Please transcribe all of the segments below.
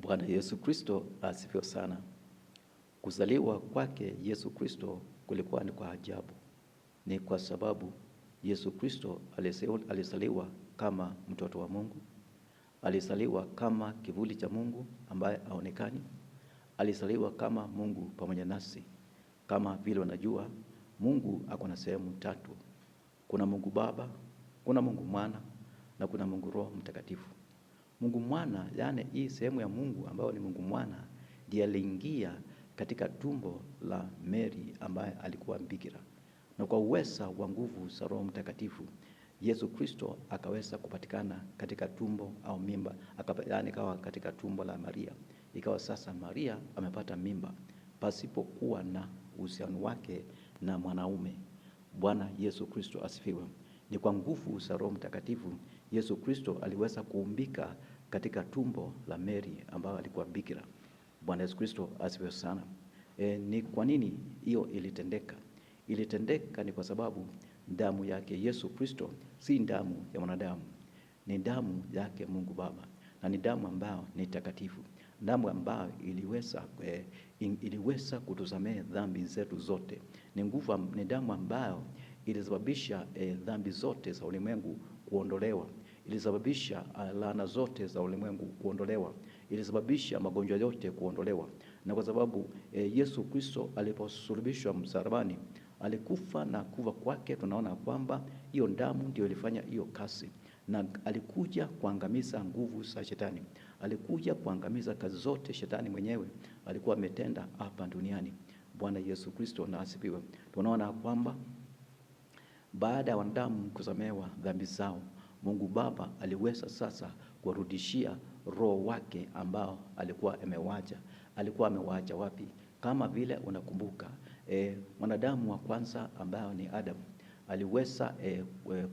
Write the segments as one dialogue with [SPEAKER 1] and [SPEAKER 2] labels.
[SPEAKER 1] Bwana Yesu Kristo asifiwe sana. Kuzaliwa kwake Yesu Kristo kulikuwa ni kwa ajabu, ni kwa sababu Yesu Kristo alizaliwa kama mtoto wa Mungu, alizaliwa kama kivuli cha Mungu ambaye aonekani, alizaliwa kama Mungu pamoja nasi. Kama vile wanajua Mungu ako na sehemu tatu: kuna Mungu Baba, kuna Mungu Mwana na kuna Mungu Roho Mtakatifu. Mungu mwana, yani hii sehemu ya Mungu ambayo ni Mungu mwana, ndiye aliingia katika tumbo la Mary ambaye alikuwa bikira, na kwa uweza wa nguvu za Roho Mtakatifu Yesu Kristo akaweza kupatikana katika tumbo au mimba, yani kawa katika tumbo la Maria. Ikawa sasa Maria amepata mimba pasipokuwa na uhusiano wake na mwanaume. Bwana Yesu Kristo asifiwe. Ni kwa nguvu za Roho Mtakatifu Yesu Kristo aliweza kuumbika katika tumbo la Mary ambayo alikuwa bikira. Bwana Yesu Kristo asifiwe sana. E, ni kwa nini hiyo ilitendeka? Ilitendeka ni kwa sababu damu yake Yesu Kristo si damu ya mwanadamu, ni damu yake Mungu Baba, na ni damu ambayo ni takatifu, damu ambayo iliweza, e, iliweza kutusamehe dhambi zetu zote. Ni nguvu, ni damu ambayo ilisababisha e, dhambi zote za ulimwengu kuondolewa, ilisababisha ah, laana zote za ulimwengu kuondolewa, ilisababisha magonjwa yote kuondolewa. Na kwa sababu e, Yesu Kristo aliposulubishwa msalabani alikufa na kuva kwake, tunaona kwamba hiyo damu ndio ilifanya hiyo kazi, na alikuja kuangamiza nguvu za shetani, alikuja kuangamiza kazi zote shetani mwenyewe alikuwa ametenda hapa duniani. Bwana Yesu Kristo na asifiwe. Tunaona kwamba baada ya wanadamu kusamehewa dhambi zao, Mungu Baba aliweza sasa kuwarudishia roho wake ambao alikuwa amewacha. Alikuwa amewacha wapi? Kama vile unakumbuka e, mwanadamu wa kwanza ambayo ni Adamu aliweza e,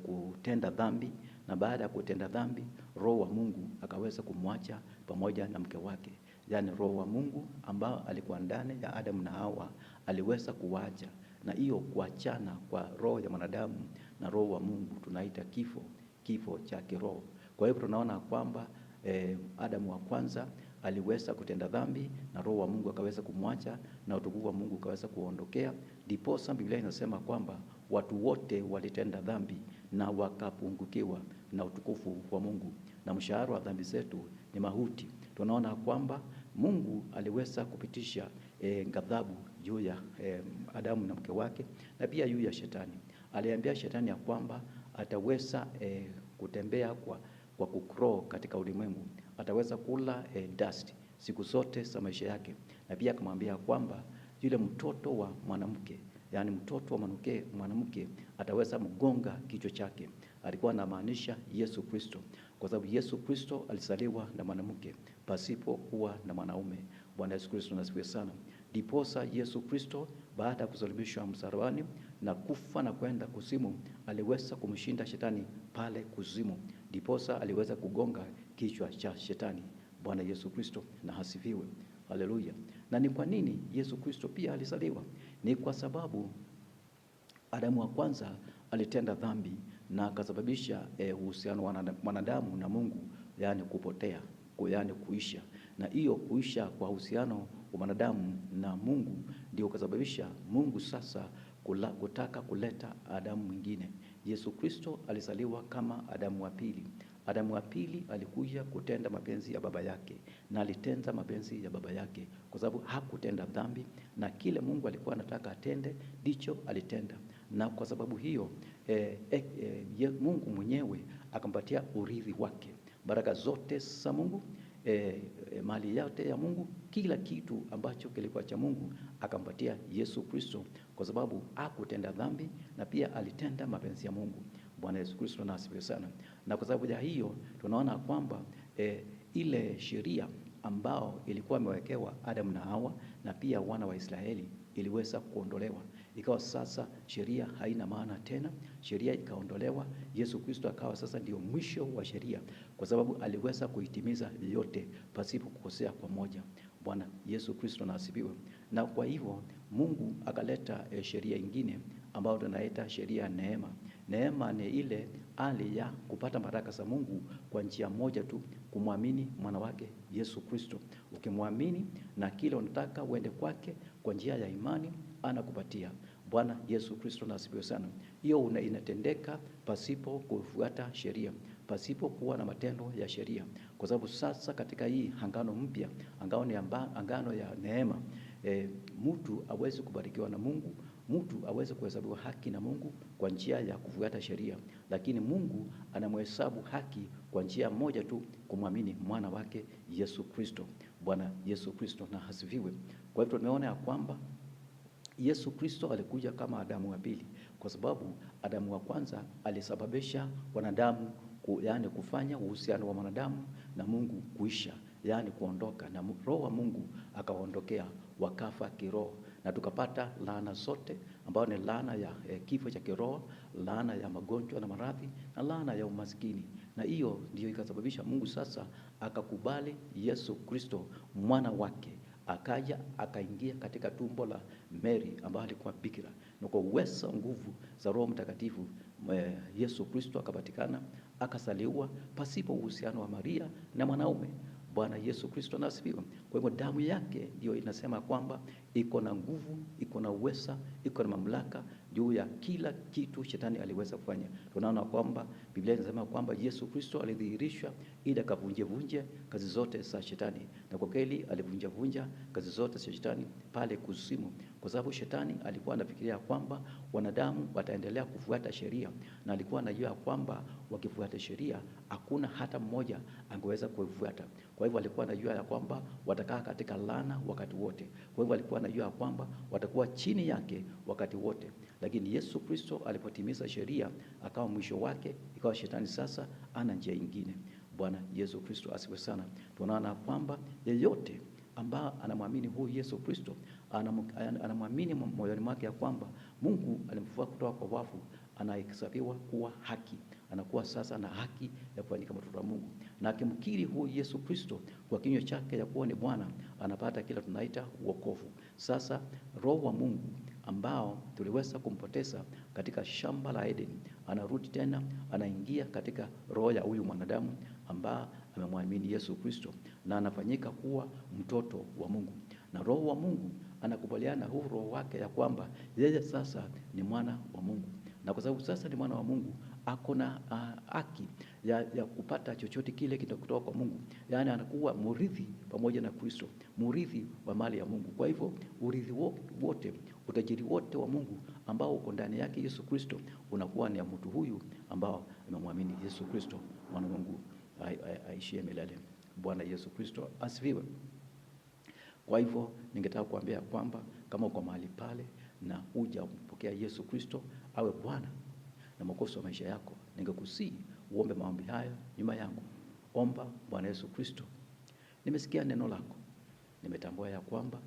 [SPEAKER 1] kutenda dhambi, na baada ya kutenda dhambi roho wa Mungu akaweza kumwacha pamoja na mke wake, yaani roho wa Mungu ambao alikuwa ndani ya Adamu na Hawa aliweza kuwacha na hiyo kuachana kwa roho ya mwanadamu na roho wa Mungu tunaita kifo, kifo cha kiroho. Kwa hivyo tunaona kwamba eh, Adamu wa kwanza aliweza kutenda dhambi na roho wa Mungu akaweza kumwacha na utukufu wa Mungu ukaweza kuondokea. diposa Biblia inasema kwamba watu wote walitenda dhambi na wakapungukiwa na utukufu wa Mungu, na mshahara wa dhambi zetu ni mauti. Tunaona kwamba Mungu aliweza kupitisha eh, ghadhabu juu ya eh, Adamu na mke wake na pia juu ya shetani. Aliambia shetani ya kwamba ataweza eh, kutembea kwa, kwa kukro katika ulimwengu, ataweza kula eh, dust siku zote za maisha yake, na pia akamwambia kwamba yule mtoto wa mwanamke yaani mtoto wa mwanamke mwanamke ataweza mgonga kichwa chake. Alikuwa anamaanisha Yesu Kristo, kwa sababu Yesu Kristo alizaliwa na mwanamke pasipo kuwa na mwanaume. Bwana Yesu Kristo nasifiwe sana. Ndiposa Yesu Kristo baada ya kusulubishwa msalabani na kufa na kwenda kuzimu, aliweza kumshinda shetani pale kuzimu. Ndiposa aliweza kugonga kichwa cha shetani. Bwana Yesu Kristo na hasifiwe, haleluya. Na ni kwa nini Yesu Kristo pia alisaliwa Ni kwa sababu Adamu wa kwanza alitenda dhambi na akasababisha eh, uhusiano wa wanadamu na Mungu, yaani kupotea, yaani kuisha, na hiyo kuisha kwa uhusiano wa mwanadamu na Mungu ndio ukasababisha Mungu sasa kula, kutaka kuleta Adamu mwingine. Yesu Kristo alizaliwa kama Adamu wa pili. Adamu wa pili alikuja kutenda mapenzi ya baba yake, na alitenda mapenzi ya baba yake kwa sababu hakutenda dhambi, na kile Mungu alikuwa anataka atende ndicho alitenda, na kwa sababu hiyo eh, eh, eh Mungu mwenyewe akampatia urithi wake baraka zote za Mungu e, e, mali yote ya Mungu, kila kitu ambacho kilikuwa cha Mungu akampatia Yesu Kristo, kwa sababu hakutenda dhambi na pia alitenda mapenzi ya Mungu. Bwana Yesu Kristo na asifiwe sana. Na kwa sababu ya hiyo tunaona kwamba e, ile sheria ambao ilikuwa imewekewa Adamu na Hawa na pia wana wa Israeli iliweza kuondolewa ikawa sasa sheria haina maana tena, sheria ikaondolewa. Yesu Kristo akawa sasa ndio mwisho wa sheria, kwa sababu aliweza kuitimiza yote pasipo kukosea kwa moja. Bwana Yesu Kristo na Na kwa hivyo Mungu akaleta e, sheria ingine ambayo tunaita sheria ya neema. Neema ni ile hali ya kupata baraka za Mungu kwa njia moja tu, kumwamini mwana wake Yesu Kristo. Ukimwamini na kile unataka uende kwake kwa njia ya imani anakupatia. Bwana Yesu Kristo na asifiwe sana. Hiyo inatendeka pasipo kufuata sheria, pasipo kuwa na matendo ya sheria, kwa sababu sasa katika hii angano mpya, angano ya neema, e, mtu awezi kubarikiwa na Mungu mtu aweze kuhesabiwa haki na Mungu kwa njia ya kufuata sheria, lakini Mungu anamhesabu haki kwa njia moja tu, kumwamini mwana wake Yesu Kristo. Bwana Yesu Kristo na hasifiwe. Kwa hivyo tumeona ya kwamba Yesu Kristo alikuja kama Adamu wa pili, kwa sababu Adamu wa kwanza alisababisha wanadamu ku, yani kufanya uhusiano wa mwanadamu na Mungu kuisha, yani kuondoka, na roho wa Mungu akaondokea, wakafa kiroho na tukapata laana zote ambayo ni laana ya eh, kifo cha kiroho, laana ya magonjwa na maradhi na laana ya umaskini. Na hiyo ndiyo ikasababisha Mungu sasa akakubali Yesu Kristo mwana wake akaja akaingia katika tumbo la Mary ambaye alikuwa bikira, na kwa uwezo nguvu za Roho Mtakatifu eh, Yesu Kristo akapatikana akasaliwa pasipo uhusiano wa Maria na mwanaume. Bwana Yesu Kristo nasifiwe. Kwa hivyo damu yake ndiyo inasema kwamba iko na nguvu, iko na uwezo, iko na mamlaka juu ya kila kitu shetani aliweza kufanya. Tunaona kwamba Biblia inasema kwamba Yesu Kristo alidhihirishwa ili akavunjevunje kazi zote za shetani, na kwa kweli alivunjavunja kazi zote za shetani pale kuzimu, kwa sababu shetani alikuwa anafikiria kwamba wanadamu wataendelea kufuata sheria, na alikuwa anajua kwamba wakifuata sheria hakuna hata mmoja angeweza kuifuata. Kwa hivyo alikuwa anajua ya kwamba watakaa katika laana wakati wote. Kwa hivyo alikuwa anajua kwamba watakuwa chini yake wakati wote. Lakini Yesu Kristo alipotimiza sheria akawa mwisho wake, ikawa shetani sasa ana njia nyingine. Bwana Yesu Kristo asifiwe sana. Tunaona kwamba yeyote ambaye anamwamini huyu Yesu Kristo anamwamini moyoni mwake ya kwamba Mungu alimfufua kutoka kwa wafu, anahesabiwa kuwa haki, anakuwa sasa na haki ya kufanyika mtoto wa Mungu, na akimkiri huyu Yesu Kristo kwa kinywa chake ya kuwa ni Bwana, anapata kila tunaita wokovu. Sasa Roho wa Mungu ambao tuliweza kumpoteza katika shamba la Edeni, anarudi tena, anaingia katika roho ya huyu mwanadamu ambaye amemwamini Yesu Kristo na anafanyika kuwa mtoto wa Mungu, na roho wa Mungu anakubaliana huu roho wake ya kwamba yeye sasa ni mwana wa Mungu, na kwa sababu sasa ni mwana wa Mungu ako na ah, haki uh, ya, ya kupata chochote kile kutoka kwa Mungu, yaani anakuwa murithi pamoja na Kristo, murithi wa mali ya Mungu. Kwa hivyo urithi wote, utajiri wote wa Mungu ambao uko ndani yake Yesu Kristo unakuwa ni ya mtu huyu ambao amemwamini Yesu Kristo mwana Mungu aishie milele. Bwana Yesu Kristo asifiwe. Kwa hivyo ningetaka kuambia kwamba kama uko mahali pale na huja mpokea Yesu Kristo awe Bwana na mwokozi wa maisha yako, ningekusii uombe maombi hayo nyuma yangu. Omba Bwana Yesu Kristo, nimesikia neno lako, nimetambua ya kwamba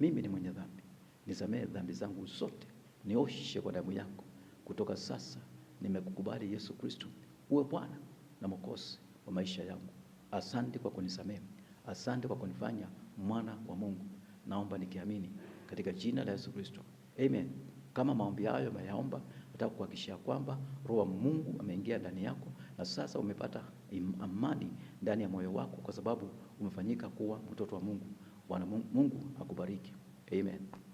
[SPEAKER 1] mimi ni mwenye dhambi, nisamee dhambi zangu zote, nioshe kwa damu yako. Kutoka sasa nimekukubali Yesu Kristo, uwe Bwana na Mwokozi wa maisha yangu. Asante kwa kunisamehe, asante kwa kunifanya mwana wa Mungu. Naomba nikiamini katika jina la Yesu Kristo, amen. Kama maombi hayo mayaomba, nataka kuhakikishia kwamba Roho wa Mungu ameingia ndani yako na sasa umepata amani ndani ya moyo wako, kwa sababu umefanyika kuwa mtoto wa Mungu. Bwana Mungu akubariki. Amen.